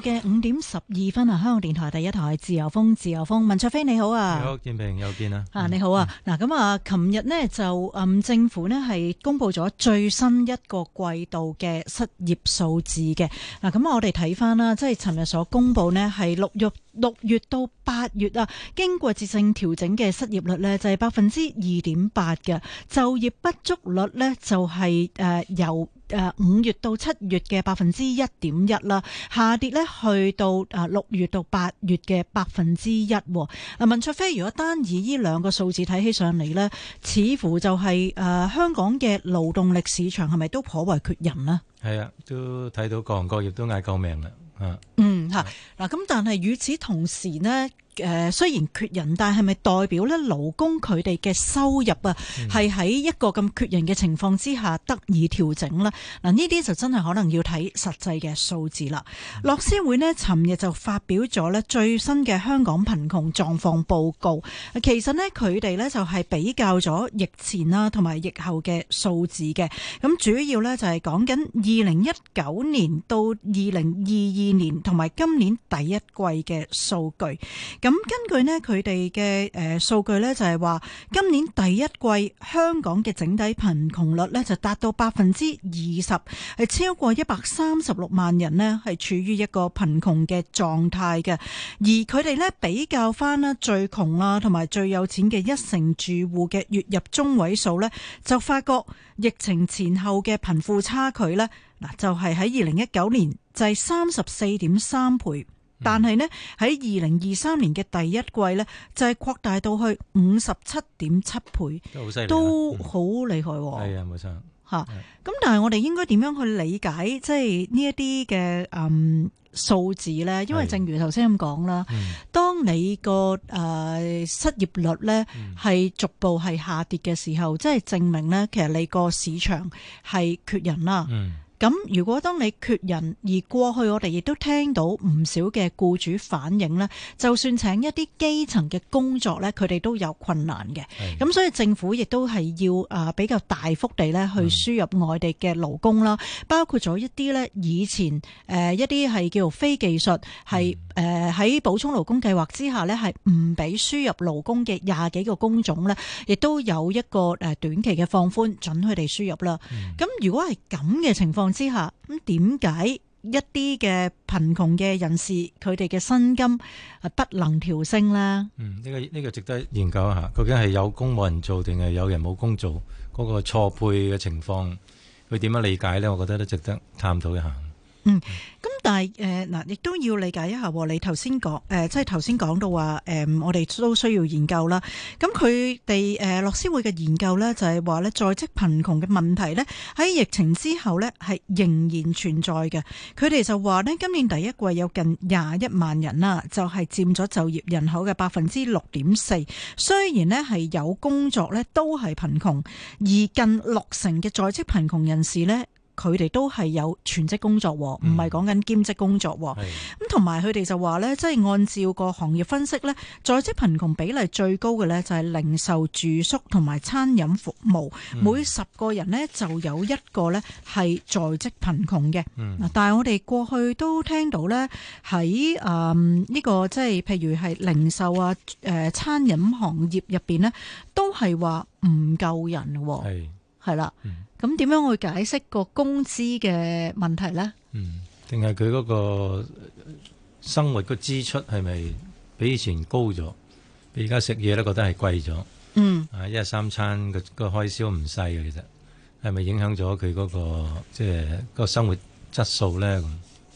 嘅五點十二分啊，香港電台第一台自由風，自由風，文卓菲你好啊，你好建平又見啦，啊你好啊，嗱咁、嗯、啊，琴、啊、日呢就啊、嗯，政府呢係公布咗最新一個季度嘅失業數字嘅，嗱、啊、咁、啊、我哋睇翻啦，即係琴日所公布呢係六月六月到八月啊，經過季節性調整嘅失業率呢，就係百分之二點八嘅，就業不足率呢，就係誒由。呃誒五月到七月嘅百分之一點一啦，下跌咧去到誒六月到八月嘅百分之一。阿文卓飛，如果單以呢兩個數字睇起上嚟咧，似乎就係、是、誒、呃、香港嘅勞動力市場係咪都頗為缺人呢？係啊，都睇到各行各業都嗌救命啦。嚇、啊，嗯嚇，嗱咁、啊，但係與此同時呢。誒雖然缺人，但係咪代表咧勞工佢哋嘅收入啊，係喺一個咁缺人嘅情況之下得以調整呢？嗱，呢啲就真係可能要睇實際嘅數字啦。樂施會呢尋日就發表咗咧最新嘅香港貧窮狀況報告。其實呢，佢哋呢就係比較咗疫前啦同埋疫後嘅數字嘅。咁主要呢，就係講緊二零一九年到二零二二年同埋今年第一季嘅數據。咁根據呢佢哋嘅誒數據呢就係話今年第一季香港嘅整體貧窮率呢就達到百分之二十，係超過一百三十六萬人呢係處於一個貧窮嘅狀態嘅。而佢哋呢比較翻呢最窮啊同埋最有錢嘅一成住戶嘅月入中位數呢就發覺疫情前後嘅貧富差距呢嗱就係喺二零一九年就係三十四點三倍。但係呢，喺二零二三年嘅第一季呢，就係、是、擴大到去五十七點七倍，都好犀利，都好厲害。係啊，冇錯。嚇，咁但係我哋應該點樣去理解即係呢一啲嘅嗯數字呢？因為正如頭先咁講啦，的嗯、當你個誒失業率呢係逐步係下跌嘅時候，即係證明呢，其實你個市場係缺人啦。嗯咁如果當你缺人，而過去我哋亦都聽到唔少嘅僱主反映咧，就算請一啲基層嘅工作咧，佢哋都有困難嘅。咁的所以政府亦都係要啊比較大幅地咧去輸入外地嘅勞工啦，的包括咗一啲咧以前誒、呃、一啲係叫做非技術，係誒喺補充勞工計劃之下咧係唔俾輸入勞工嘅廿幾個工種咧，亦都有一個誒短期嘅放寬准佢哋輸入啦。咁的如果係咁嘅情況之下，咁點解一啲嘅貧窮嘅人士佢哋嘅薪金啊不能調升咧？嗯，呢個呢個值得研究一下。究竟係有工冇人做，定係有人冇工做？嗰個錯配嘅情況，佢點樣理解呢？我覺得都值得探討一下。嗯，咁但係誒嗱，亦都要理解一下，你頭先講誒，即係頭先講到話，誒、呃，我哋都需要研究啦。咁佢哋誒，樂施會嘅研究咧，就係話咧，在職貧窮嘅問題咧，喺疫情之後咧，係仍然存在嘅。佢哋就話咧，今年第一季有近廿一萬人啦，就係佔咗就業人口嘅百分之六點四。雖然咧係有工作咧，都係貧窮，而近六成嘅在職貧窮人士咧。佢哋都係有全職工作，唔係講緊兼職工作。咁同埋佢哋就話呢，即係按照個行業分析呢，在職貧窮比例最高嘅呢，就係零售、住宿同埋餐飲服務，每十個人呢，就有一個呢係在職貧窮嘅。嗯、但係我哋過去都聽到呢，喺誒呢個即係譬如係零售啊、誒、呃、餐飲行業入邊呢，都係話唔夠人喎。嗯。係啦，咁點樣去解釋個工資嘅問題咧？嗯，定係佢嗰個生活個支出係咪比以前高咗？比而家食嘢都覺得係貴咗？嗯，啊一日三餐個開銷唔細嘅，其實係咪影響咗佢嗰個即係、就是、個生活質素咧？咁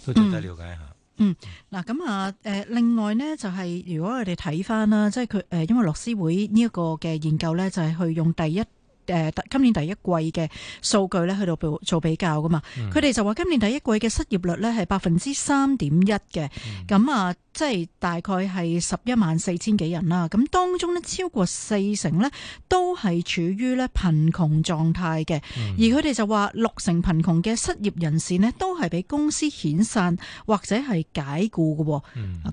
都值得了解一下嗯。嗯，嗱咁啊，誒、呃，另外呢就係、是、如果我哋睇翻啦，即係佢誒，因為樂施會呢一個嘅研究咧，就係、是、去用第一。誒今年第一季嘅數據咧，去到做比較噶嘛，佢哋就話今年第一季嘅失業率咧係百分之三點一嘅，咁啊，即係大概係十一萬四千幾人啦。咁當中咧超過四成呢都係處於咧貧窮狀態嘅，而佢哋就話六成貧窮嘅失業人士呢都係俾公司遣散或者係解僱嘅。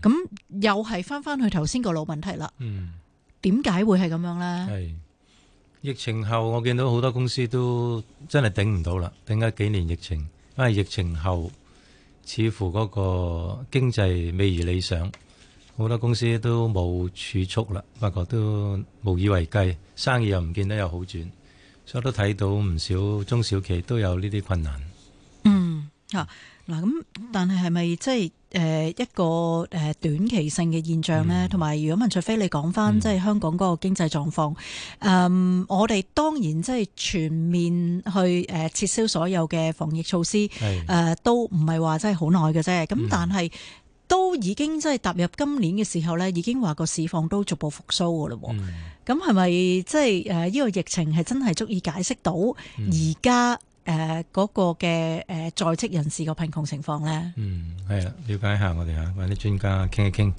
咁又係翻翻去頭先個老問題啦。點解會係咁樣呢？疫情後我見到好多公司都真係頂唔到啦，頂咗幾年疫情，因為疫情後似乎嗰個經濟未如理想，好多公司都冇儲蓄啦，發覺都無以為繼，生意又唔見得有好轉，所以都睇到唔少中小企都有呢啲困難。嗯，吓嗱咁，但係係咪即係？誒一個誒短期性嘅現象咧，同埋如果問，除非你講翻即係香港嗰個經濟狀況，嗯，我哋當然即係全面去誒撤銷所有嘅防疫措施，誒都唔係話真係好耐嘅啫。咁但係都已經即係踏入今年嘅時候咧，已經話個市況都逐步復甦嘅嘞。咁係咪即係誒呢個疫情係真係足以解釋到而家？誒嗰、呃那個嘅誒、呃、在職人士個貧窮情況咧，嗯，係喇。了解下我哋啊揾啲專家傾一傾。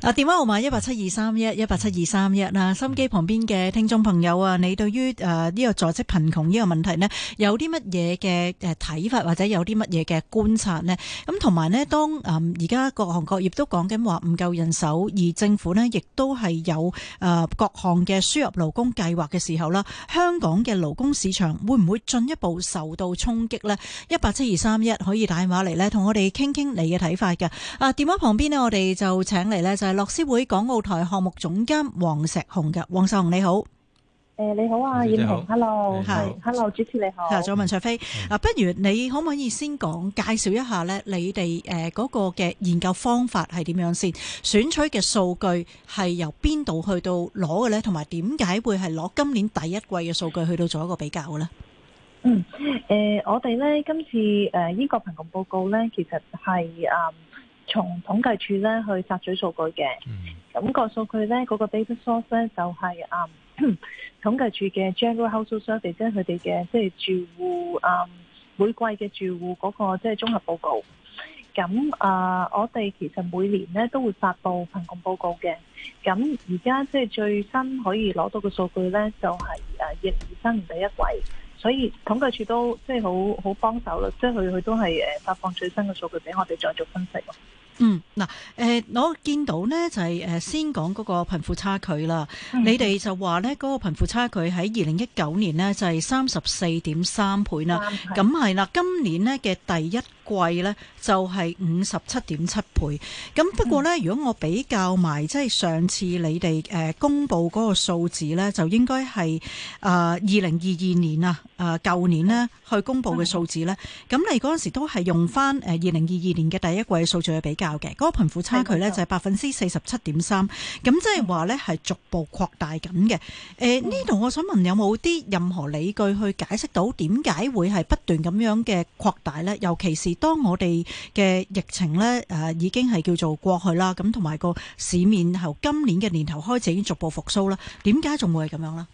嗱，電話號碼一八七二三一，一八七二三一啊 2, 3, 1, 2, 3, 1, 心機旁邊嘅聽眾朋友啊，你對於誒呢個在職貧窮呢個問題呢，有啲乜嘢嘅誒睇法或者有啲乜嘢嘅觀察呢？咁同埋呢，當誒而家各行各業都講緊話唔夠人手，而政府呢亦都係有誒各項嘅輸入勞工計劃嘅時候啦，香港嘅勞工市場會唔會進一步受到衝擊呢？一八七二三一可以打電話嚟呢，同我哋傾傾你嘅睇法嘅。啊，電話、啊、旁邊呢，我哋就請。嚟咧就係樂施會港澳台項目總監黃碩紅噶，黃碩紅你好，誒你好啊，碩紅，hello，係，hello，主持你好，係，再問卓飛，嗱，不如你可唔可以先講介紹一下咧？你哋誒嗰個嘅研究方法係點樣先？選取嘅數據係由邊度去到攞嘅咧？同埋點解會係攞今年第一季嘅數據去到做一個比較咧？嗯，誒，我哋咧今次誒呢個貧窮報告咧，其實係誒。從統計處去摘取數據嘅，咁、那個數據呢，嗰、那個 basic source 呢，就係、是嗯、統計處嘅 general household data 即係佢哋嘅即係住戶、嗯，每季嘅住戶嗰、那個即係、就是、綜合報告。咁、呃、我哋其實每年呢，都會發布貧窮報告嘅。咁而家即係最新可以攞到嘅數據呢，就係、是、啊二零二三年第一季。所以統計處都即係好好幫手啦，即係佢佢都係誒發放最新嘅數據俾我哋再做分析。嗯，嗱、呃，我見到呢就係、誒、先講嗰個貧富差距啦。嗯、你哋就話呢嗰、嗰個貧富差距喺二零一九年呢就係三十四點三倍啦。咁係啦，今年呢嘅第一季呢就係五十七點七倍。咁不過呢，嗯、如果我比較埋即係上次你哋公佈嗰個數字呢，就應該係誒二零二二年啊，舊、呃、年呢去公佈嘅數字呢，咁、嗯、你嗰陣時都係用翻誒二零二二年嘅第一季數字去比較。有嘅，嗰個貧富差距呢就係百分之四十七點三，咁即係話呢係逐步擴大緊嘅。誒，呢度我想問，有冇啲任何理據去解釋到點解會係不斷咁樣嘅擴大呢？尤其是當我哋嘅疫情呢誒，已經係叫做過去啦，咁同埋個市面由今年嘅年頭開始已經逐步復蘇啦，點解仲會係咁樣呢？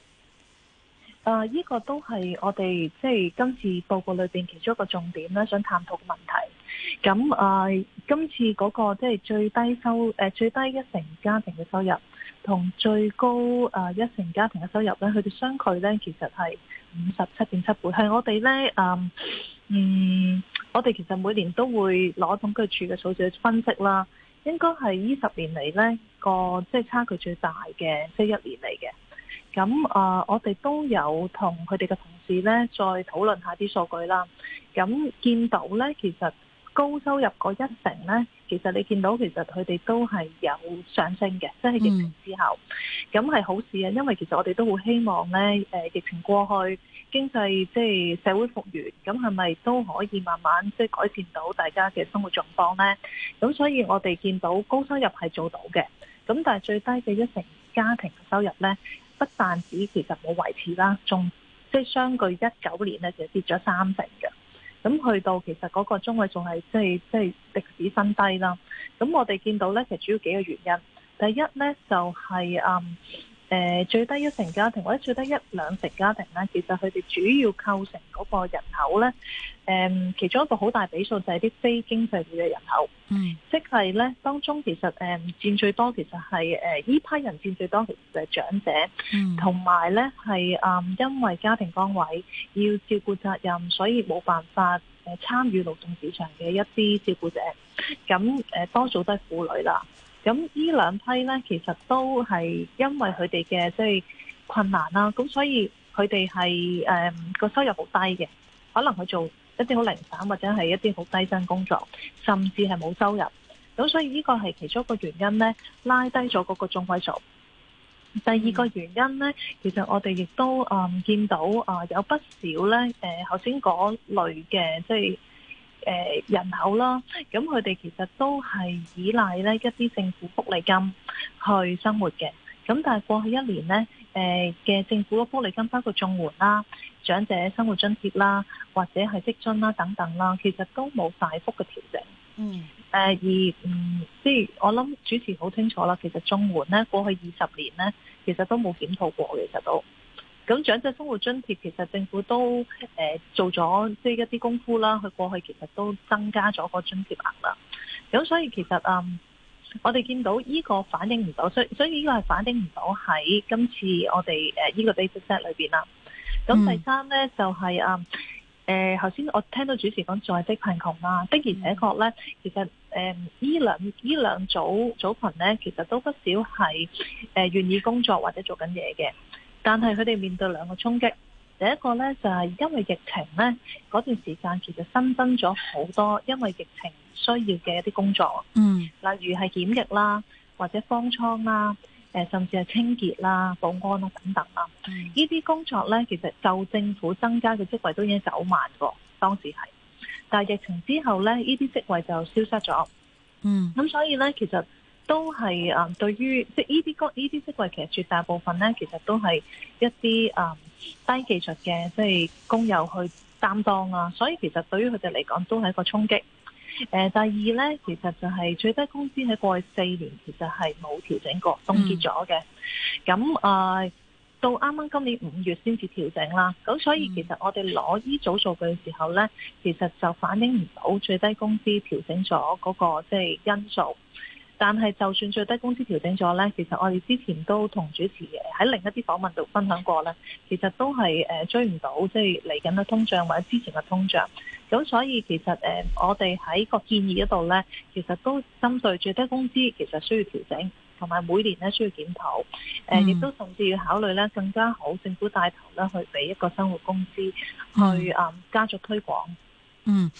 誒，呢個都係我哋即係今次報告裏邊其中一個重點呢，想探討嘅問題。咁啊，今次嗰個即係最低收、啊，最低一成家庭嘅收入同最高啊一成家庭嘅收入咧，佢哋相距咧其實係五十七點七倍，係我哋咧、啊，嗯，我哋其實每年都會攞統計處嘅數據分析啦，應該係呢十年嚟咧、個即係差距最大嘅即係一年嚟嘅。咁啊，我哋都有同佢哋嘅同事咧再討論下啲數據啦。咁見到咧，其實～高收入嗰一成咧，其實你見到其實佢哋都係有上升嘅，即係疫情之後，咁係好事啊！因為其實我哋都好希望咧，誒疫情過去，經濟即係社會復原，咁係咪都可以慢慢即係改善到大家嘅生活狀況咧？咁所以我哋見到高收入係做到嘅，咁但係最低嘅一成家庭嘅收入咧，不但止其實冇維持啦，仲即係相距一九年咧，就跌咗三成嘅。咁去到其實嗰個中位仲係即係即係歷史新低啦。咁我哋見到咧，其實主要幾個原因。第一咧就係、是、啊。嗯誒，最低一成家庭或者最低一兩成家庭咧，其實佢哋主要構成嗰個人口咧，誒、嗯，其中一個好大比數就係啲非經濟戶嘅人口，嗯、即係咧當中其實誒佔、嗯、最多其實、呃，其實係誒呢批人佔最多，其實係長者，同埋咧係誒因為家庭崗位要照顧責任，所以冇辦法誒參與勞動市場嘅一啲照顧者，咁誒、呃、多數都係婦女啦。咁呢兩批呢，其實都係因為佢哋嘅即係困難啦、啊，咁所以佢哋係誒個收入好低嘅，可能佢做一啲好零散或者係一啲好低薪工作，甚至係冇收入。咁所以呢個係其中一個原因呢，拉低咗嗰個中位數。第二個原因呢，其實我哋亦都誒、嗯、見到啊，有不少呢，誒，頭先嗰類嘅即係。誒人口啦，咁佢哋其實都係依賴咧一啲政府福利金去生活嘅。咁但係過去一年咧，誒嘅政府嘅福利金包括綜援啦、長者生活津貼啦，或者係職津啦等等啦，其實都冇大幅嘅調整。嗯。誒而嗯，即係我諗主持好清楚啦，其實綜援咧過去二十年咧，其實都冇檢討過，其實都。咁長者生活津貼其實政府都、呃、做咗即係一啲功夫啦，佢過去其實都增加咗個津貼額啦。咁所以其實啊、嗯，我哋見到依個反映唔到，所以所以呢個係反映唔到喺今次我哋呢、呃這個 basic set 裏面啦。咁第三咧、mm. 就係啊誒，頭、呃、先我聽到主持講在職貧窮啦、啊，的而且確咧，mm. 其實呢、呃、兩,兩組組群咧，其實都不少係、呃、願意工作或者做緊嘢嘅。但係佢哋面對兩個衝擊，第一個呢，就係、是、因為疫情呢，嗰段時間，其實新增咗好多因為疫情需要嘅一啲工作，嗯，例如係檢疫啦，或者方艙啦，誒、呃，甚至係清潔啦、保安啦等等啦，呢啲、嗯、工作呢，其實就政府增加嘅職位都已經走慢個，當時係，但係疫情之後呢，呢啲職位就消失咗，嗯，咁所以呢，其實。都係誒，對於即係呢啲工呢啲職位，其實絕大部分呢，其實都係一啲誒、嗯、低技術嘅，即、就、係、是、工友去擔當啊。所以其實對於佢哋嚟講，都係一個衝擊。誒、呃，第二呢，其實就係最低工資喺過去四年其實係冇調整過，凍結咗嘅。咁誒、嗯呃，到啱啱今年五月先至調整啦。咁所以其實我哋攞呢組數據嘅時候呢，其實就反映唔到最低工資調整咗嗰、那個即係、就是、因素。但係，就算最低工資調整咗呢，其實我哋之前都同主持喺另一啲訪問度分享過呢，其實都係誒追唔到，即係嚟緊嘅通脹或者之前嘅通脹。咁所以其實誒，我哋喺個建議嗰度呢，其實都針對最低工資其實需要調整，同埋每年呢需要檢討。誒，亦都甚至要考慮呢更加好政府帶頭呢去俾一個生活工資、嗯、去啊，加速推廣。嗯，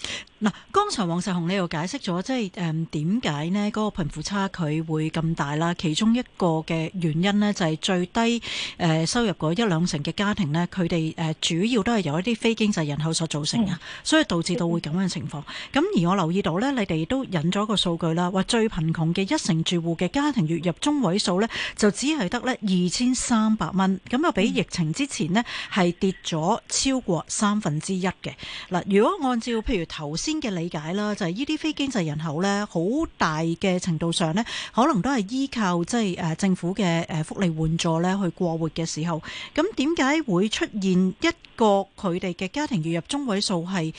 嗱，剛才黃碩紅你又解釋咗，即係誒點解呢、嗰個貧富差距會咁大啦？其中一個嘅原因咧，就係、是、最低誒收入嗰一兩成嘅家庭咧，佢哋誒主要都係由一啲非經濟人口所造成啊，所以導致到會咁樣嘅情況，咁、嗯、而我留意到咧，你哋都引咗一個數據啦，話最貧窮嘅一成住戶嘅家庭月入中位數咧，就只係得咧二千三百蚊，咁啊，比疫情之前咧係跌咗超過三分之一嘅。嗱、嗯，如果按照譬如頭先嘅理解啦，就係呢啲非經濟人口咧，好大嘅程度上咧，可能都係依靠即係誒政府嘅誒福利援助咧去過活嘅時候，咁點解會出現一個佢哋嘅家庭月入中位數係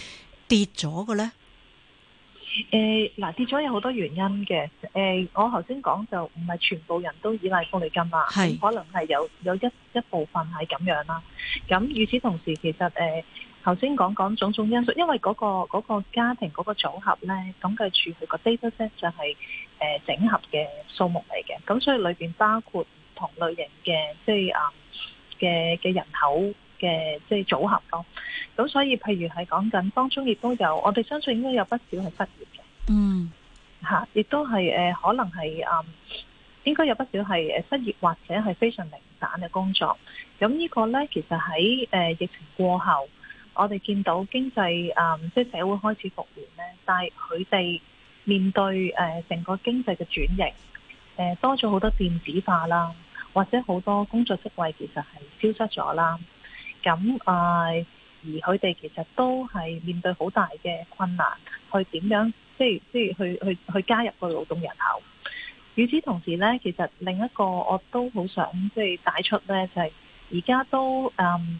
跌咗嘅咧？誒，嗱，跌咗有好多原因嘅。誒，我頭先講就唔係全部人都依賴福利金啦，係可能係有有一一部分係咁樣啦。咁與此同時，其實誒。頭先講講種種因素，因為嗰、嗰個嗰個家庭嗰個組合咧，統計處佢個 data set 就係整合嘅數目嚟嘅，咁所以裏面包括唔同類型嘅，即係啊嘅嘅人口嘅即係組合咯。咁所以譬如係講緊當中亦都有，我哋相信應該有不少係失業嘅，嗯、mm.，亦都係可能係啊，應該有不少係失業或者係非常零散嘅工作。咁呢個咧其實喺疫情過後。我哋見到經濟誒，即、嗯、係、就是、社會開始復元咧，但係佢哋面對誒成個經濟嘅轉型，誒多咗好多電子化啦，或者好多工作職位其實係消失咗啦。咁誒、呃，而佢哋其實都係面對好大嘅困難，去點樣即係即係去去去加入個勞動人口。與此同時咧，其實另一個我都好想即係帶出咧，就係而家都誒。嗯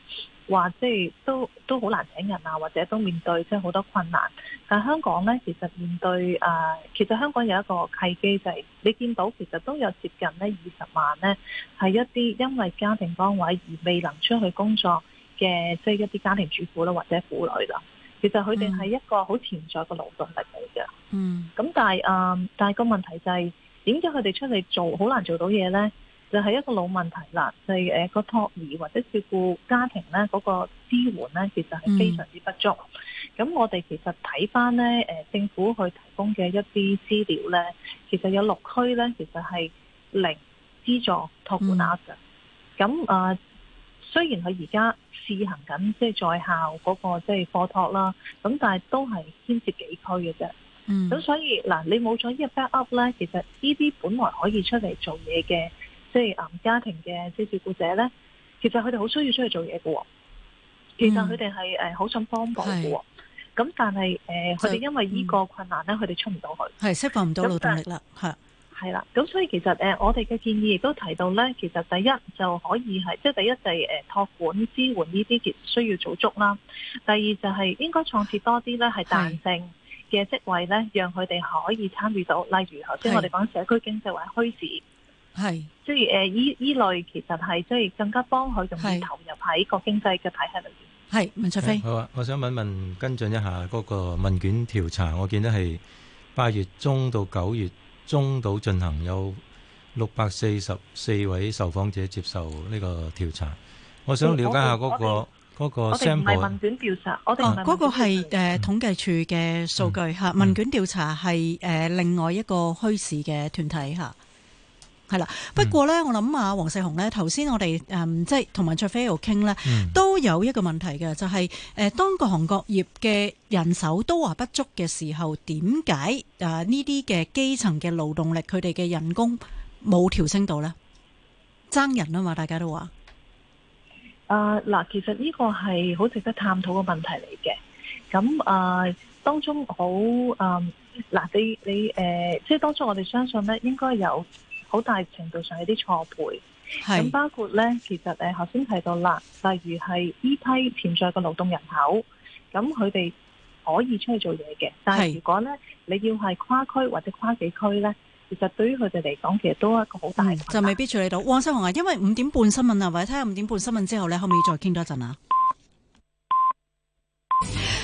話即係都都好難請人啊，或者都面對即係好多困難。但係香港呢，其實面對誒、呃，其實香港有一個契機就係、是、你見到其實都有接近呢二十萬呢，係一啲因為家庭崗位而未能出去工作嘅，即係一啲家庭主婦啦或者婦女啦。其實佢哋係一個好潛在嘅勞動力嚟嘅。嗯、mm.。咁但係誒，但係個問題就係點解佢哋出嚟做好難做到嘢呢？就係一個老問題啦，就係、是、誒、那個托兒或者照顧家庭咧，嗰、那個支援咧，其實係非常之不足。咁、嗯、我哋其實睇翻咧，誒政府去提供嘅一啲資料咧，其實有六區咧，其實係零資助托管㗎。咁、嗯、啊，雖然佢而家試行緊，即、就、係、是、在校嗰個即係課托啦，咁但係都係牽涉幾區嘅啫。咁、嗯、所以嗱，你冇咗呢個 back up 咧，其實呢啲本來可以出嚟做嘢嘅。即係誒，家庭嘅即照顧者咧，其實佢哋好需要出去做嘢嘅。其實佢哋係誒好想幫助嘅。咁、嗯、但係誒，佢、呃、哋就因為呢個困難咧，佢哋、嗯、出唔到去，係釋放唔到勞動力啦。係係啦，咁是是所以其實誒，我哋嘅建議亦都提到咧，其實第一就可以係即係第一就係誒託管支援呢啲其實需要做足啦。第二就係應該創設多啲咧，係彈性嘅職位咧，是讓佢哋可以參與到，例如頭先我哋講社區經濟或者墟市。係，即係誒，依依類其實係即係更加幫佢，仲要投入喺個經濟嘅體系裏邊。係文卓飛，好啊，我想問問跟進一下嗰個問卷調查，我見到係八月中到九月中到進行，有六百四十四位受訪者接受呢個調查。我想了解一下嗰、嗰個 sample。我哋唔係問卷調查，我哋嗰個係誒統計處嘅數據吓，問卷調查係誒另外一個虛事嘅團體吓。啊係啦，不過咧，嗯、我諗啊，黃世雄咧，頭先我哋誒、嗯、即係同文卓飛喺傾咧，嗯、都有一個問題嘅，就係、是、誒當各行各業嘅人手都話不足嘅時候，點解誒呢啲嘅基層嘅勞動力佢哋嘅人工冇調升到咧？爭人啊嘛，大家都話。啊嗱、呃，其實呢個係好值得探討嘅問題嚟嘅。咁啊、呃，當中好啊，嗱、呃、你你誒、呃，即係當中我哋相信咧，應該有。好大程度上有啲錯配，咁是包括咧，其實誒頭先提到啦，例如係依批潛在嘅勞動人口，咁佢哋可以出去做嘢嘅，是但係如果咧你要係跨區或者跨地區咧，其實對於佢哋嚟講，其實都係一個好大，大、嗯。就未必處理到，黃碩紅，啊，因為五點半新聞啊，或者睇下五點半新聞之後咧，可唔可以再傾多一陣啊。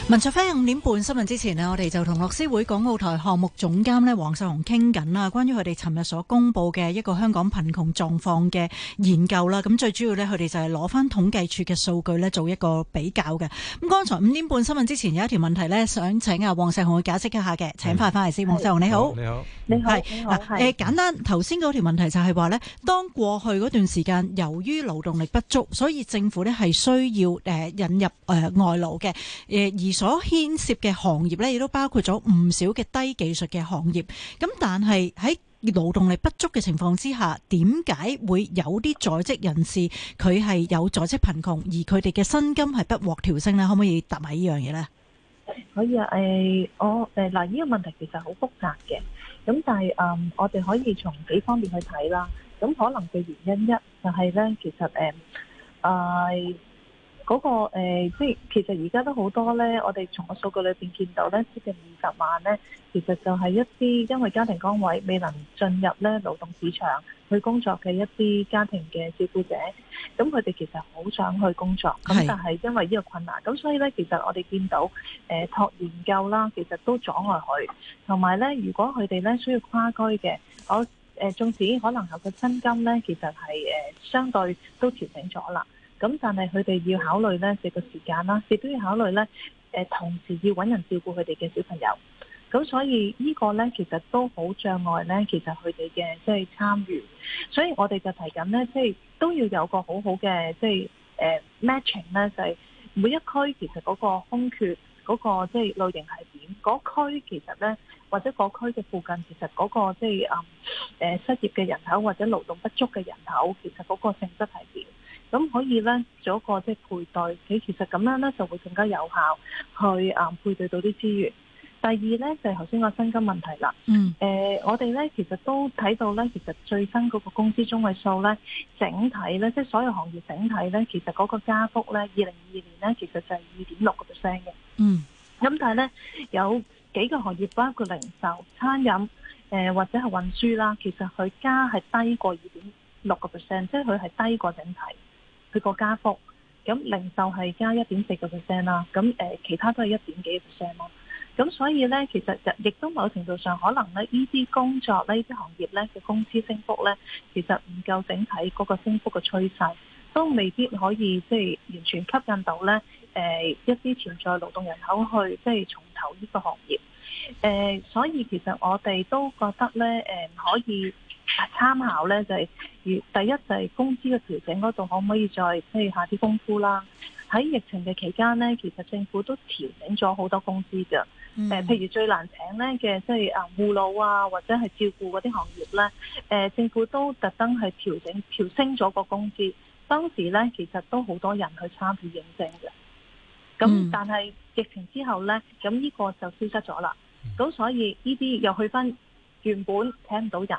文卓飛，五點半新聞之前咧，我哋就同樂施會港澳台項目總監呢黃碩紅傾緊啦，關於佢哋尋日所公布嘅一個香港貧窮狀況嘅研究啦。咁最主要呢佢哋就係攞翻統計處嘅數據呢做一個比較嘅。咁剛才五點半新聞之前有一條問題呢想請啊黃碩紅去解釋一下嘅，請快翻嚟翻嚟先。黃碩紅你好，你好，你好。簡單頭先嗰條問題就係話呢當過去嗰段時間由於勞動力不足，所以政府呢係需要誒引入外勞嘅，而。所牽涉嘅行業咧，亦都包括咗唔少嘅低技術嘅行業。咁但係喺勞動力不足嘅情況之下，點解會有啲在職人士佢係有在職貧窮，而佢哋嘅薪金係不獲調升咧？可唔可以答埋呢樣嘢咧？可以啊，誒我誒嗱，呢個問題其實好複雜嘅。咁但係誒，我哋可以從幾方面去睇啦。咁可能嘅原因一就係咧，其實誒誒。嗰、那個即、呃、其實而家都好多咧，我哋從個數據裏面見到咧，接近二十萬咧，其實就係一啲因為家庭崗位未能進入咧勞動市場去工作嘅一啲家庭嘅照顧者，咁佢哋其實好想去工作，咁但係因為呢個困難，咁是所以咧其實我哋見到誒、呃、託研究啦，其實都阻礙佢，同埋咧如果佢哋咧需要跨居嘅，我誒縱使可能有個薪金咧，其實係、呃、相對都調整咗啦。咁但係佢哋要考慮呢成個時間啦，亦都要考慮呢誒同時要揾人照顧佢哋嘅小朋友。咁所以呢個呢，其實都好障礙呢。其實佢哋嘅即係參與。所以我哋就提緊呢，即係都要有個好好嘅即係誒 matching 呢，就係每一區其實嗰個空缺嗰個即係類型係點？嗰區其實呢，或者嗰區嘅附近其實嗰個即係誒失業嘅人口或者勞動不足嘅人口，其實嗰個性質係點？咁可以咧做一個即係、就是、配對，佢其實咁樣咧就會更加有效去啊配對到啲資源。第二咧就係頭先個薪金問題啦。嗯。誒、呃，我哋咧其實都睇到咧，其實最新嗰個工資中位數咧，整體咧即係所有行業整體咧，其實嗰個加幅咧，二零二二年咧其實就係二點六個 percent 嘅。嗯。咁但係咧有幾個行業，包括零售、餐飲，誒、呃、或者係運輸啦，其實佢加係低過二點六個 percent，即係佢係低過整體。佢個加幅，咁零售係加一點四個 percent 啦，咁、啊、誒其他都係一點幾 percent 啦，咁、啊、所以咧，其實亦都某程度上可能咧，呢啲工作、呢啲行業咧嘅工資升幅咧，其實唔夠整體嗰個升幅嘅趨勢，都未必可以即係、就是、完全吸引到咧誒一啲存在勞動人口去即係、就是、重投呢個行業，誒，所以其實我哋都覺得咧誒可以。參考咧就係、是，第一就係、是、工資嘅調整嗰度，可唔可以再即係、就是、下啲功夫啦？喺疫情嘅期間咧，其實政府都調整咗好多工資嘅、嗯呃。譬如最難請咧嘅，即係啊護老啊，或者係照顧嗰啲行業咧、呃，政府都特登係調整調升咗個工資。當時咧，其實都好多人去參與認證嘅。咁但係疫情之後咧，咁呢個就消失咗啦。咁所以呢啲又去翻原本請唔到人。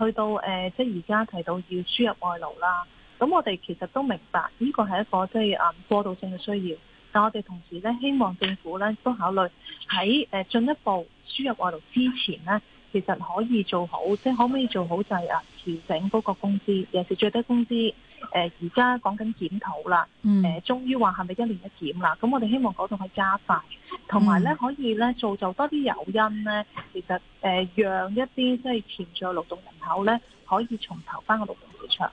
去到誒，即係而家提到要輸入外勞啦，咁我哋其實都明白呢個係一個即係過渡性嘅需要，但我哋同時咧希望政府咧都考慮喺誒進一步輸入外勞之前咧，其實可以做好，即係可唔可以做好就係誒調整嗰個工資，尤其是最低工資。誒而家講緊檢討啦，誒、呃、終於話係咪一年一檢啦？咁我哋希望嗰度可以加快，同埋咧可以咧造就多啲誘因咧，其實誒、呃、讓一啲即係潛在勞動人口咧可以重投返個勞動市場。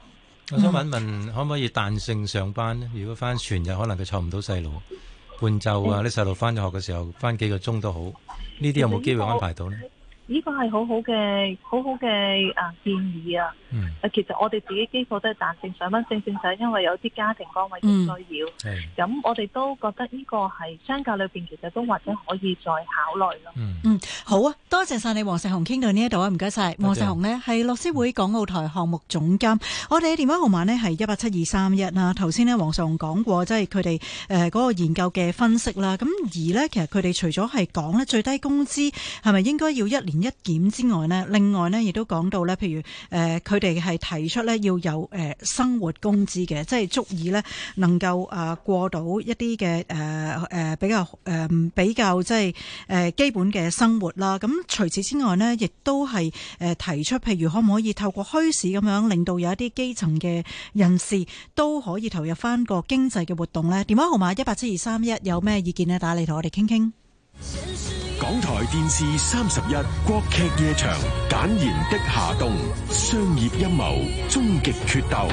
我想問問、嗯、可唔可以彈性上班咧？如果返全日可能佢湊唔到細路，伴奏啊啲細路返咗學嘅時候返幾個鐘都好，呢啲有冇機會安排到呢？呢個係好好嘅，好好嘅啊建議啊！嗯、其實我哋自己基礎都係彈性上班，正正就係因為有啲家庭崗位嘅需要。咁、嗯，我哋都覺得呢個係商界裏邊其實都或者可以再考慮咯。嗯，好啊，多謝晒你，黃碩紅傾到呢一度啊，唔該晒。黃碩紅呢係樂施會港澳台項目總監。我哋嘅電話號碼呢係一八七二三一啦。頭先呢，黃碩紅講過，即係佢哋誒嗰個研究嘅分析啦。咁而呢，其實佢哋除咗係講呢最低工資係咪應該要一年一檢之外呢，另外呢、呃呃呃呃呃呃就是呃，亦都講到呢，譬如誒，佢哋係提出呢，要有誒生活工資嘅，即係足以呢，能夠啊過到一啲嘅誒誒比較誒比較即係誒基本嘅生活啦。咁除此之外呢，亦都係誒提出譬如可唔可以透過墟市咁樣令到有一啲基層嘅人士都可以投入返個經濟嘅活動呢？電話號碼一八七二三一，1, 有咩意見呢？打嚟同我哋傾傾。港台電視三十日國劇夜場，簡言的夏冬商業陰謀終極決鬥。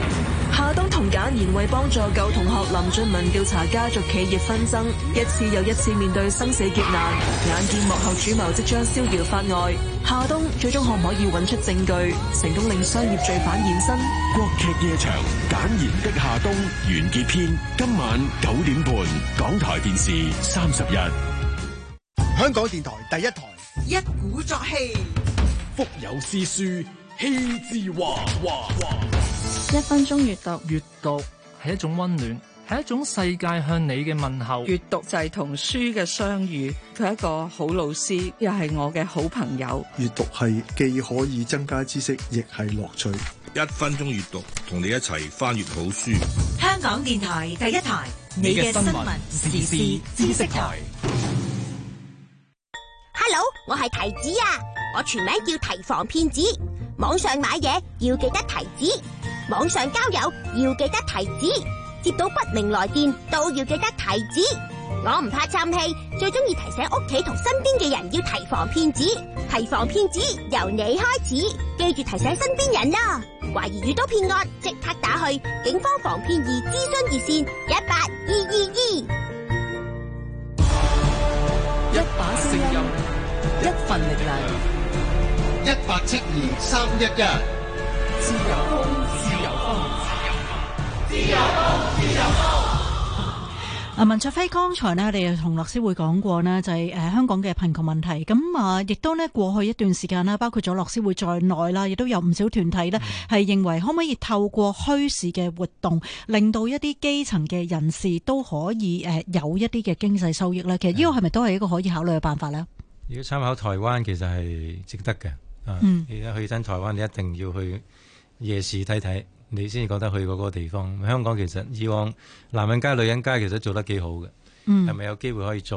夏冬同簡言為幫助舊同學林俊文調查家族企業紛爭，一次又一次面對生死劫難。眼見幕後主謀即將逍遙法外，夏冬最終可唔可以揾出證據，成功令商業罪犯現身？國劇夜場，簡言的夏冬完結篇。今晚九點半，港台電視三十日。香港電台第一台，一鼓作氣，腹有詩書氣自華。華華，一分鐘閱讀，閱讀係一種溫暖，係一種世界向你嘅問候。閱讀就係同書嘅相遇，佢係一個好老師，又係我嘅好朋友。閱讀係既可以增加知識，亦係樂趣。一分鐘閱讀，同你一齊翻閱好書。香港電台第一台，你嘅新聞時事 CC, 知識台。Hello，我係提子啊，我全名叫提防騙子。網上買嘢要記得提子，網上交友要記得提子，接到不明來電都要記得提子。我唔怕嘥氣，最鍾意提醒屋企同身邊嘅人要提防騙子。提防騙子由你開始，記住提醒身邊人啦。懷疑遇到騙案，即刻打去警方防騙易諮詢熱線一八二二二。一把聲音。一份力量，一八七二三一一。自由風，自由風，自由風，自由風，自由風，自由風啊，就是。啊，文卓飛剛才咧，我哋同樂施會講過咧，就係誒香港嘅貧窮問題。咁啊，亦都咧過去一段時間啦，包括咗樂施會在內啦，亦都有唔少團體咧係、嗯、認為，可唔可以透過墟市嘅活動，令到一啲基層嘅人士都可以誒，啊、有一啲嘅經濟收益呢？其實呢個係咪都係一個可以考慮嘅辦法呢？如果參考台灣，其實係值得嘅。啊、嗯，你一去返台灣，你一定要去夜市睇睇，你先至覺得去過嗰個地方。香港其實以往男人街、女人街其實做得幾好嘅，係咪、嗯、有機會可以再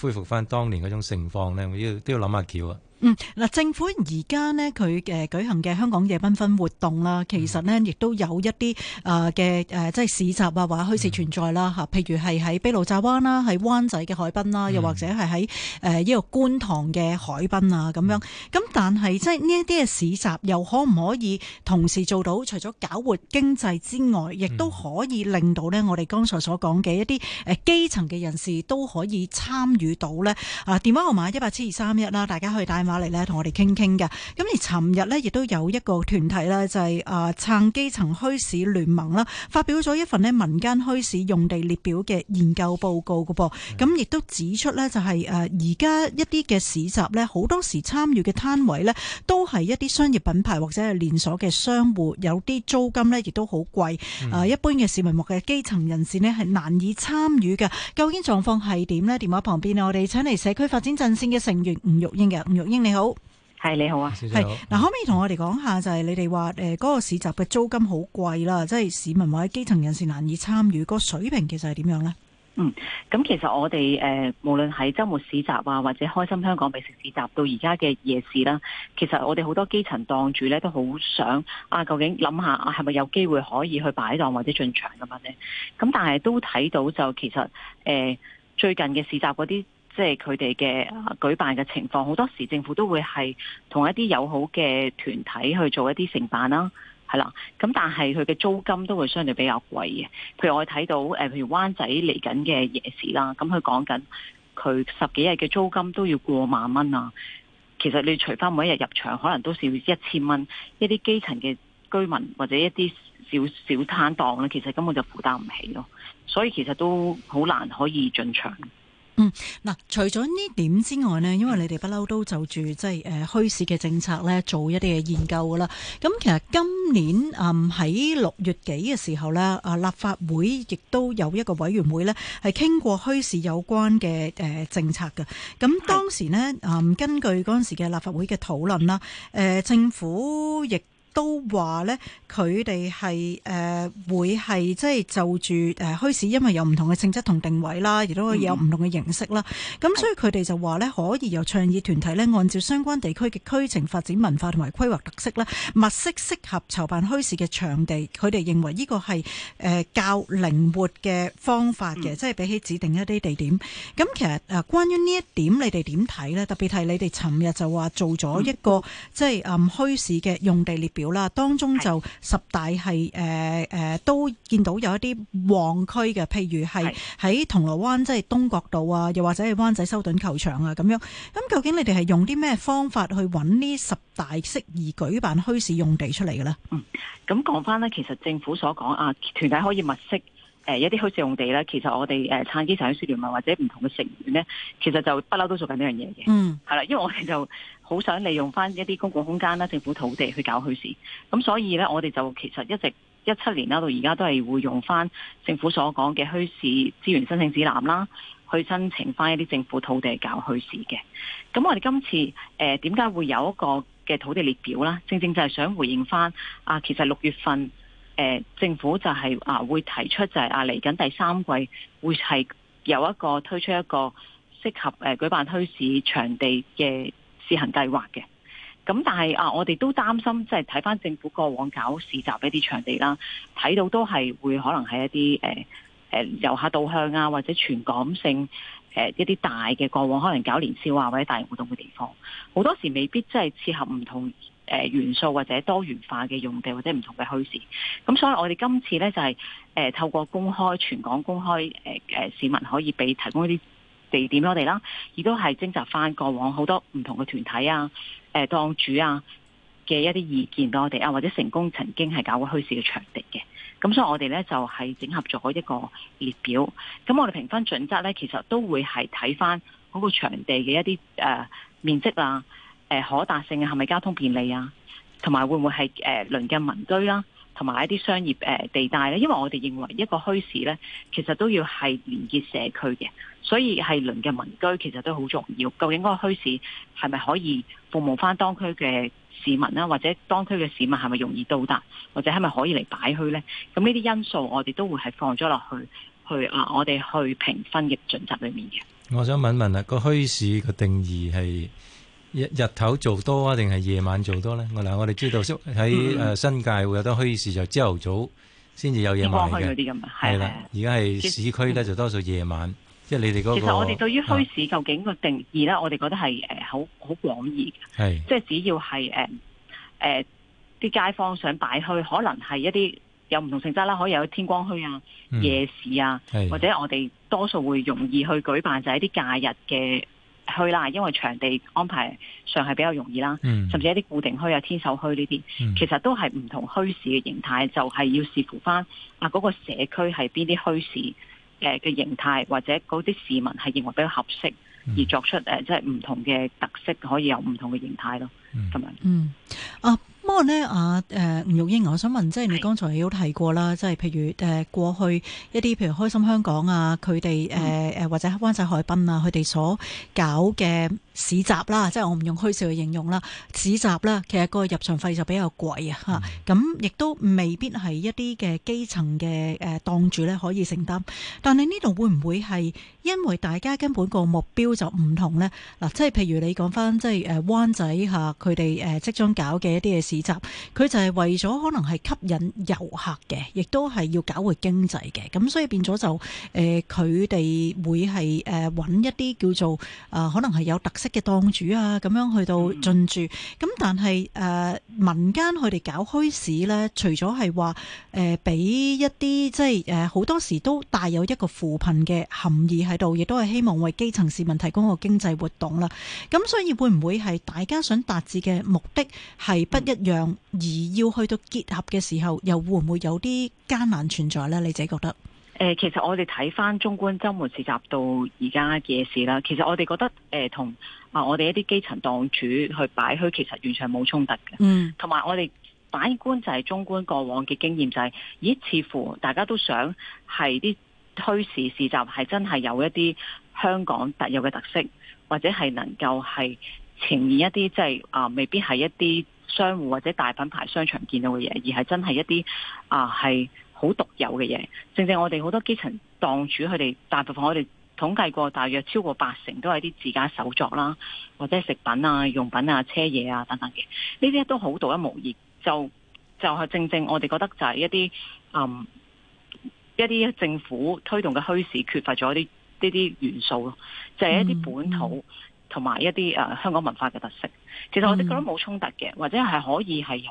恢復翻當年嗰種情況呢？要都要諗下橋。嗯，嗱，政府而家呢佢誒舉行嘅香港夜繽紛活動啦，其實呢亦都有一啲誒嘅即係市集啊，或者虛設存在啦、嗯、譬如係喺卑路乍灣啦，喺灣仔嘅海濱啦，又或者係喺誒呢個觀塘嘅海濱啊咁樣，咁，但係即係呢一啲嘅市集，又可唔可以同時做到除咗搞活經濟之外，亦都可以令到呢我哋剛才所講嘅一啲基層嘅人士都可以參與到呢啊，電話號碼一八七二三一啦，大家可以打。話嚟咧，同我哋傾傾嘅。咁而尋日呢，亦都有一個團體呢，就係啊撐基層墟市聯盟啦，發表咗一份民間墟市用地列表嘅研究報告噶噃。咁亦、嗯、都指出呢、就是，就係誒而家一啲嘅市集呢，好多時參與嘅攤位呢，都係一啲商業品牌或者係連鎖嘅商戶，有啲租金呢，亦都好貴。一般嘅市民或嘅基層人士呢，係難以參與嘅。究竟狀況係點呢？電話旁邊我哋請嚟社區發展陣線嘅成員吳玉英嘅，吳玉英。你好，係你好啊，係嗱是，你好可唔可以同我哋講下，就係、是、你哋話誒，嗰、呃那個市集嘅租金好貴啦，即係市民或者基層人士難以參與，個水平其實係點樣呢？嗯，咁其實我哋誒、呃，無論喺周末市集啊，或者開心香港美食市集到而家嘅夜市啦，其實我哋好多基層檔主咧都好想啊，究竟諗下係咪、啊、有機會可以去擺檔或者進場咁樣呢？咁但係都睇到就其實誒、呃，最近嘅市集嗰啲。即係佢哋嘅舉辦嘅情況，好多時政府都會係同一啲友好嘅團體去做一啲承辦啦，係啦。咁但係佢嘅租金都會相對比較貴嘅。譬如我睇到，譬如灣仔嚟緊嘅夜市啦，咁佢講緊佢十幾日嘅租金都要過萬蚊啊。其實你除返每一日入場，可能都少於一千蚊。一啲基層嘅居民或者一啲小小攤檔咧，其實根本就負擔唔起咯。所以其實都好難可以進場。嗯，嗱、啊，除咗呢點之外呢，因為你哋不嬲都就住即係誒墟市嘅政策咧做一啲嘅研究噶啦，咁其實今年誒喺六月幾嘅時候咧，啊立法會亦都有一個委員會咧係傾過墟市有關嘅、呃、政策嘅，咁當時呢，誒、嗯、根據嗰陣時嘅立法會嘅討論啦、呃，政府亦。都話咧，佢哋係誒會係即係就住誒墟市，因為有唔同嘅性質同定位啦，亦都可以有唔同嘅形式啦。咁、mm hmm. 所以佢哋就話咧，可以由倡議團體咧，按照相關地區嘅區情、發展文化同埋規劃特色啦，物色適合籌辦墟市嘅場地。佢哋認為呢個係誒、呃、較靈活嘅方法嘅，mm hmm. 即係比起指定一啲地點，咁其實誒、呃、關於呢一點你哋點睇咧？特別係你哋尋日就話做咗一個、mm hmm. 即係暗墟市嘅用地列表。啦，當中就十大係誒誒，都見到有一啲旺區嘅，譬如係喺銅鑼灣，即係東角道啊，又或者係灣仔修頓球場啊，咁樣。咁究竟你哋係用啲咩方法去搵呢十大適宜舉辦墟市用地出嚟嘅呢？咁講翻呢，其實政府所講啊，團體可以物色誒一啲墟市用地呢，其實我哋誒撐基層嘅墟市聯盟或者唔同嘅成員呢，其實就不嬲都做緊呢樣嘢嘅。嗯，係啦，因為我哋就。好想利用翻一啲公共空間啦，政府土地去搞墟市，咁所以呢，我哋就其實一直一七年啦，到而家都係會用翻政府所講嘅墟市資源申請指南啦，去申請翻一啲政府土地去搞墟市嘅。咁我哋今次誒點解會有一個嘅土地列表啦？正正就係想回應翻啊，其實六月份、啊、政府就係、是、啊會提出就係、是、啊嚟緊第三季會係有一個推出一個適合誒、啊、舉辦墟市場地嘅。試行計劃嘅，咁但係啊，我哋都擔心，即係睇翻政府過往搞市集一啲場地啦，睇到都係會可能係一啲誒誒遊客導向啊，或者全港性誒、呃、一啲大嘅過往可能搞年宵啊或者大型活動嘅地方，好多時未必真係適合唔同誒元素或者多元化嘅用地或者唔同嘅墟市，咁所以我哋今次呢，就係、是、誒透過公開全港公開誒誒市民可以俾提供一啲。地點我哋啦，亦都係徵集翻過往好多唔同嘅團體啊、誒檔主啊嘅一啲意見俾我哋啊，或者成功曾經係搞過墟市嘅場地嘅。咁所以我哋咧就係、是、整合咗一個列表。咁我哋評分準則咧，其實都會係睇翻嗰個場地嘅一啲誒、呃、面積啊、誒、呃、可達性係、啊、咪交通便利啊，同埋會唔會係誒鄰近民居啦、啊？同埋一啲商業誒地帶咧，因為我哋認為一個墟市咧，其實都要係連結社區嘅，所以係鄰近民居其實都好重要。究竟嗰個墟市係咪可以服務翻當區嘅市民啦，或者當區嘅市民係咪容易到達，或者係咪可以嚟擺墟咧？咁呢啲因素我哋都會係放咗落去，去啊，我哋去評分嘅準則裏面嘅。我想問問啦，個墟市個定義係？日日頭做多啊，定係夜晚做多咧？我嗱，我哋知道喺誒新界會有啲墟市，就朝頭早先至有天光墟嗰啲咁啊，係啦。而家係市區咧，就多數夜晚。即係你哋、嗰個、其實我哋對於墟市究竟個定義咧，我哋覺得係誒好好廣義嘅。係的。即係只要係誒誒啲街坊想擺墟，可能係一啲有唔同性質啦，可以有天光墟啊、嗯、夜市啊，的或者我哋多數會容易去舉辦，就係一啲假日嘅。去啦，因為場地安排上係比較容易啦，甚至一啲固定區啊、天秀區呢啲，其實都係唔同墟市嘅形態，就係、是、要視乎返啊嗰個社區係邊啲墟市誒嘅形態，或者嗰啲市民係認為比較合適而作出誒，即係唔同嘅特色，可以有唔同嘅形態咯，咁樣、嗯。嗯，啊。咁啊呢，啊誒吳玉英，我想問，即係你剛才有提過啦，即係的譬如誒過去一啲譬如，開心香港啊，佢哋誒誒或者灣仔海濱啊，佢哋所搞嘅市集啦，即係我唔用虛笑去形容啦。市集啦，其實個入場費就比較貴啊，嚇。咁亦都未必係一啲嘅基層嘅誒檔主咧可以承擔。但係呢度會唔會係因為大家根本個目標就唔同咧？嗱，即係譬如你講翻即係誒灣仔嚇佢哋誒即將搞嘅一啲嘅市集，佢就係為咗可能係吸引遊客嘅，亦都係要搞活經濟嘅。咁所以變咗就佢哋、呃、會係誒揾一啲叫做、呃、可能係有特色。嘅檔主啊，咁樣去到進駐，咁但係誒、呃、民間佢哋搞墟市呢，除咗係話誒俾一啲即係誒好多時都帶有一個扶貧嘅含義喺度，亦都係希望為基層市民提供個經濟活動啦。咁所以會唔會係大家想達至嘅目的係不一樣，而要去到結合嘅時候，又會唔會有啲艱難存在呢？你自己覺得？誒，其實我哋睇翻中關周末市集到而家嘅事啦，其實我哋覺得誒，同、呃、啊，我哋一啲基層檔主去擺墟，其實完全冇衝突嘅。嗯，同埋我哋反觀就係中關過往嘅經驗，就係、是，咦，似乎大家都想係啲推市市集，係真係有一啲香港特有嘅特色，或者係能夠係呈現一啲即係啊，未必係一啲商戶或者大品牌商場見到嘅嘢，而係真係一啲啊係。好獨有嘅嘢，正正我哋好多基層檔主佢哋大部分，我哋統計過大約超過八成都係啲自家手作啦，或者食品啊、用品啊、車嘢啊等等嘅，呢啲都好獨一無二。就就正正我哋覺得就係一啲嗯一啲政府推動嘅墟市，缺乏咗啲呢啲元素，就係、是、一啲本土同埋、嗯、一啲、呃、香港文化嘅特色。其實我哋覺得冇衝突嘅，嗯、或者係可以係有。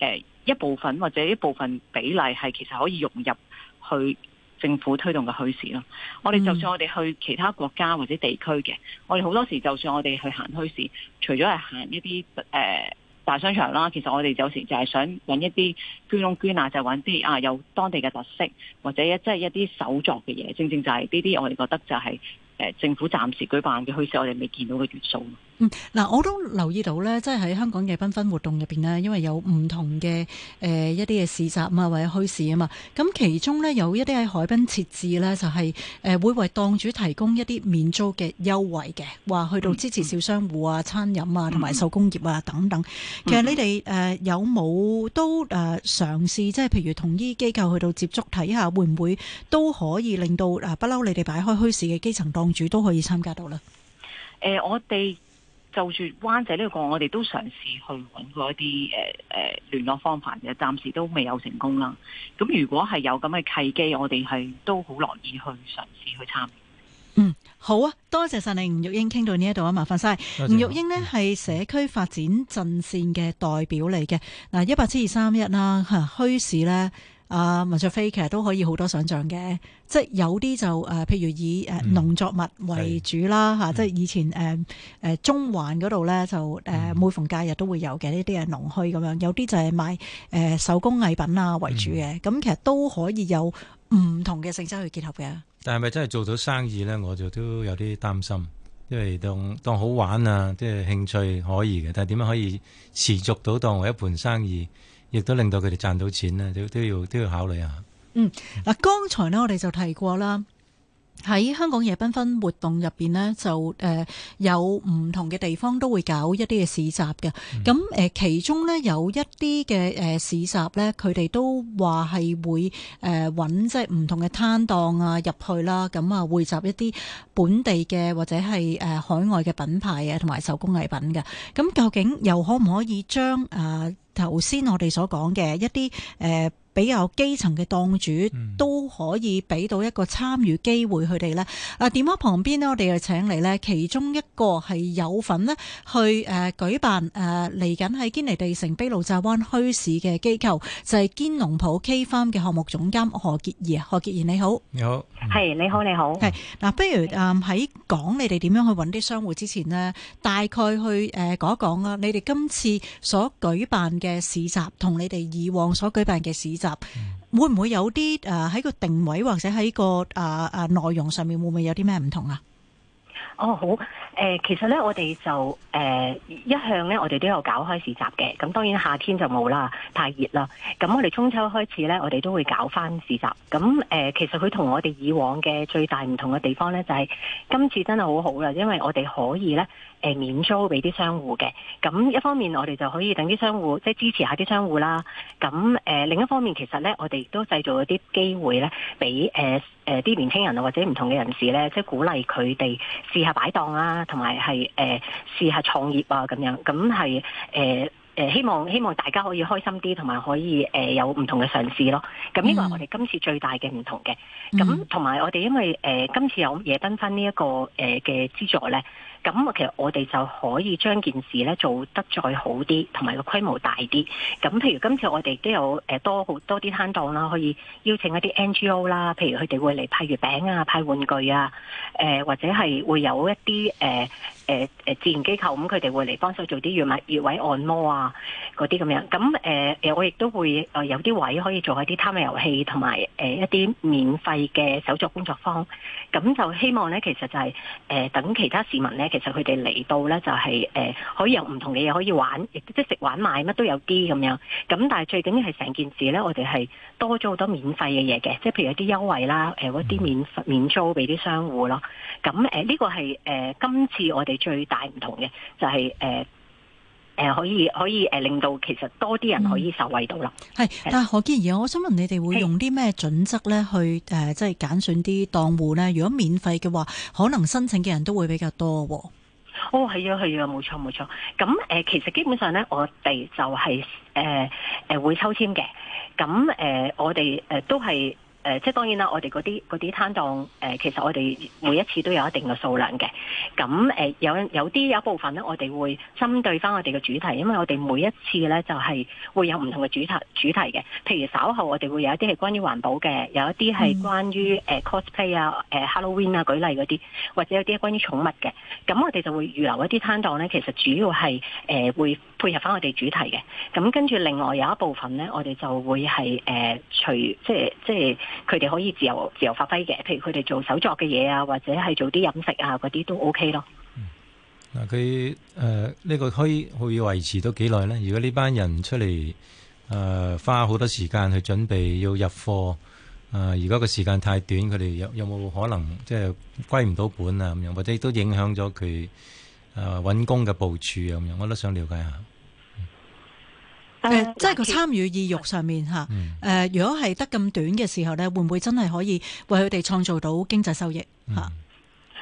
誒，一部分或者一部分比例係其實可以融入去政府推動嘅墟市咯。我哋就算我哋去其他國家或者地區嘅，我哋好多時就算我哋去行墟市，除咗係行一啲誒大商場啦，其實我哋有時就係想揾一啲捐窿捐罅，就揾啲啊有當地嘅特色或者一即係一啲手作嘅嘢。正正就係呢啲我哋覺得就係誒政府暫時舉辦嘅墟市，我哋未見到嘅元素。嗱、嗯啊，我都留意到咧，即係喺香港嘅繽紛活動入邊呢，因為有唔同嘅誒、呃、一啲嘅市集啊，或者墟市啊嘛，咁其中呢，有一啲喺海濱設置呢，就係、是、誒會為檔主提供一啲免租嘅優惠嘅，話去到支持小商戶啊、餐飲啊、同埋手工業啊等等。其實你哋誒有冇都誒嘗試，即係譬如同依機構去到接觸，睇下會唔會都可以令到嗱不嬲，你哋擺開墟市嘅基層檔主都可以參加到呢？誒、呃，我哋就住灣仔呢個我哋都嘗試去揾過一啲誒誒聯絡方法嘅，暫時都未有成功啦。咁如果係有咁嘅契機，我哋係都好樂意去嘗試去參與。嗯，好啊，多謝晒你。吳玉英傾到呢一度啊，麻煩晒吳玉英呢係、嗯、社區發展陣線嘅代表嚟嘅。嗱，一八七二三一啦，吓，墟市咧。啊，文創飛其實都可以好多想像嘅，即係有啲就誒、呃，譬如以誒農作物為主啦嚇、嗯啊，即係以前誒誒、呃、中環嗰度咧就誒、呃嗯、每逢假日都會有嘅，呢啲係農墟咁樣。有啲就係賣誒手工藝品啊為主嘅，咁、嗯、其實都可以有唔同嘅性質去結合嘅。但係咪真係做到生意咧？我就都有啲擔心，因為當當好玩啊，即、就、係、是、興趣可以嘅，但係點樣可以持續到當為一盤生意？亦都令到佢哋賺到錢呢都都要都要考慮一下。嗯，嗱，剛才呢我哋就提過啦，喺香港夜繽紛活動入面，呢就誒、呃、有唔同嘅地方都會搞一啲嘅市集嘅。咁、嗯呃、其中呢有一啲嘅、呃、市集呢佢哋都話係會誒揾即係唔同嘅攤檔啊入去啦，咁啊匯集一啲本地嘅或者係、呃、海外嘅品牌啊同埋手工藝品嘅。咁究竟又可唔可以將啊？呃頭先我哋所講嘅一啲誒。比較基層嘅檔主、嗯、都可以俾到一個參與機會佢哋咧。啊，電話旁邊咧，我哋就請嚟呢其中一個係有份呢去誒、呃、舉辦誒嚟緊喺堅尼地城卑路乍灣墟市嘅機構，就係、是、堅農圃 K-Farm 嘅項目總監何潔儀。何潔儀你好，你好，係你好你好。係嗱，不如誒喺講你哋點樣去揾啲商戶之前呢，大概去誒、呃、講一講啊，你哋今次所舉辦嘅市集同你哋以往所舉辦嘅市集。嗯、會唔會有啲誒喺個定位，或者喺個誒誒內容上面，會唔會有啲咩唔同啊？哦，好。誒，其實咧，我哋就誒一向咧，我哋都有搞開市集嘅。咁當然夏天就冇啦，太熱啦。咁我哋中秋開始咧，我哋都會搞翻市集。咁誒，其實佢同我哋以往嘅最大唔同嘅地方咧，就係今次真係好好啦，因為我哋可以咧，誒免租俾啲商戶嘅。咁一方面，我哋就可以等啲商戶即係支持下啲商戶啦。咁誒，另一方面，其實咧，我哋亦都製造咗啲機會咧，俾誒誒啲年輕人啊，或者唔同嘅人士咧，即係鼓勵佢哋試下擺檔啊。同埋係試下創業啊，咁樣，咁係、呃呃、希望希望大家可以開心啲，同埋可以、呃、有唔同嘅嘗試咯。咁呢個係我哋今次最大嘅唔同嘅。咁同埋我哋因為、呃、今次有夜繽紛呢一個嘅、呃、資助咧。咁其實我哋就可以將件事咧做得再好啲，同埋個規模大啲。咁譬如今次我哋都有、呃、多好多啲攤檔啦，可以邀請一啲 NGO 啦，譬如佢哋會嚟派月餅啊、派玩具啊，呃、或者係會有一啲、呃誒誒，慈善機構咁佢哋會嚟幫手做啲穴位穴位按摩啊，嗰啲咁樣。咁誒誒，我亦都會誒有啲位可以做一啲攤位遊戲，同埋誒一啲免費嘅手作工作坊。咁就希望咧，其實就係、是、誒、呃、等其他市民咧，其實佢哋嚟到咧就係、是、誒、呃、可以有唔同嘅嘢可以玩，亦即係食玩買乜都有啲咁樣。咁但係最緊要係成件事咧，我哋係多咗好多免費嘅嘢嘅，即係譬如有啲優惠啦，誒嗰啲免免租俾啲商戶咯。咁誒呢個係誒、呃、今次我哋。最大唔同嘅就係誒誒可以可以誒令到其實多啲人可以受惠到啦。係、嗯，但係何潔儀，我想問你哋會用啲咩準則咧去誒即係揀選啲當戶咧？如果免費嘅話，可能申請嘅人都會比較多喎。哦，係啊、哦，係啊，冇錯，冇錯。咁誒、呃，其實基本上咧，我哋就係誒誒會抽籤嘅。咁誒、呃，我哋誒都係。誒、呃，即係當然啦，我哋嗰啲啲攤檔、呃，其實我哋每一次都有一定嘅數量嘅。咁、呃、有有啲有部分咧，我哋會針對翻我哋嘅主題，因為我哋每一次咧就係、是、會有唔同嘅主題主題嘅。譬如稍後我哋會有一啲係關於環保嘅，有一啲係關於、嗯呃、cosplay 啊、呃、Halloween 啊，舉例嗰啲，或者有啲關於寵物嘅。咁我哋就會預留一啲攤檔咧，其實主要係、呃、會配合翻我哋主題嘅。咁跟住另外有一部分咧，我哋就會係誒、呃、隨即即係。佢哋可以自由自由發揮嘅，譬如佢哋做手作嘅嘢啊，或者係做啲飲食啊，嗰啲都 OK 咯。嗱佢，誒呢個墟可以維持到幾耐呢？如果呢班人出嚟誒、呃、花好多時間去準備要入貨，誒而家個時間太短，佢哋有有冇可能即係歸唔到本啊？咁樣或者都影響咗佢誒揾工嘅部署啊？咁樣我都想了解下。誒，即係、uh, 呃就是、個參與意欲上面吓，誒其實、啊，如果係得咁短嘅時候咧，會唔會真係可以為佢哋創造到經濟收益吓？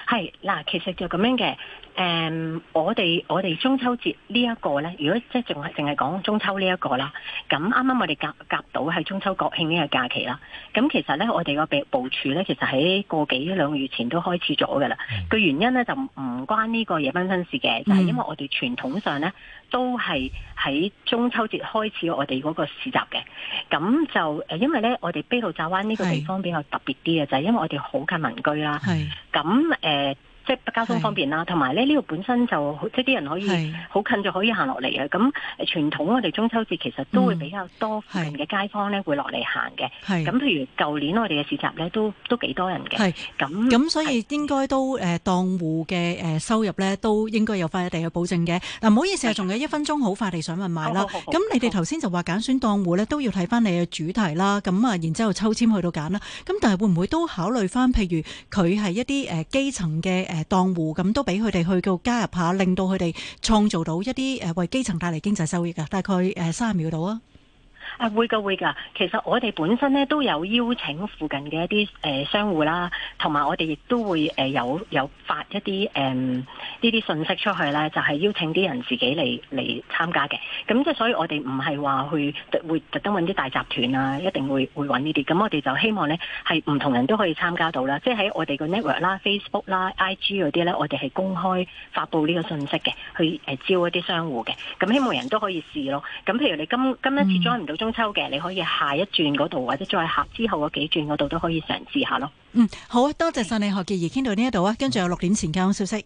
係嗱、嗯，其實就咁樣嘅。Um, 我哋我哋中秋節呢一個咧，如果即係仲係淨係講中秋呢一個啦，咁啱啱我哋夾夾到係中秋國慶呢個假期啦。咁其實咧，我哋個部署咧，其實喺過幾兩個月前都開始咗㗎啦。個是原因咧就唔關呢個夜繽紛事嘅，就係、就係、因為我哋傳統上咧都係喺中秋節開始我哋嗰個市集嘅。咁就因為咧我哋卑路乍灣呢個地方比較特別啲嘅，是就係因為我哋好近民居啦。係咁是即係交通方便啦，同埋咧呢度本身就即係啲人可以好近就可以行落嚟嘅。咁是傳統我哋中秋節其實都會比較多附近嘅街坊咧會落嚟行嘅。咁是譬如舊年我哋嘅市集咧都都幾多人嘅。咁咁所以應該都誒檔戶嘅收入咧都應該有快地嘅保證嘅。嗱唔好意思啊，仲的有一分鐘好快地想問埋啦。咁你哋頭先就話揀選當戶咧都要睇翻你嘅主題啦。咁啊好然之後抽籤去到揀啦。咁但係會唔會都考慮翻譬如佢係一啲基層嘅當戶，咁都俾佢哋去到加入下，令到佢哋創造到一啲誒為基層帶嚟經濟收益㗎，大概誒三十秒度啊。啊會噶會噶，其實我哋本身咧都有邀請附近嘅一啲、呃、商戶啦，同埋我哋亦都會、呃、有有發一啲誒呢啲信息出去咧，就係、是、邀請啲人自己嚟嚟參加嘅。咁即係所以我哋唔係話去會特登搵啲大集團啊，一定會會揾呢啲。咁我哋就希望咧係唔同人都可以參加到啦。即係喺我哋個 network 啦、Facebook 啦、IG 嗰啲咧，我哋係公開發布呢個信息嘅，去、呃、招一啲商戶嘅。咁希望人都可以試咯。咁譬如你今今一次 join 唔到秋嘅，你可以下一轉嗰度，或者再下之後嗰幾轉嗰度都可以嘗試下咯。嗯，好啊，多謝晒你，何潔儀傾到呢一度啊，跟住有六點前交好消息。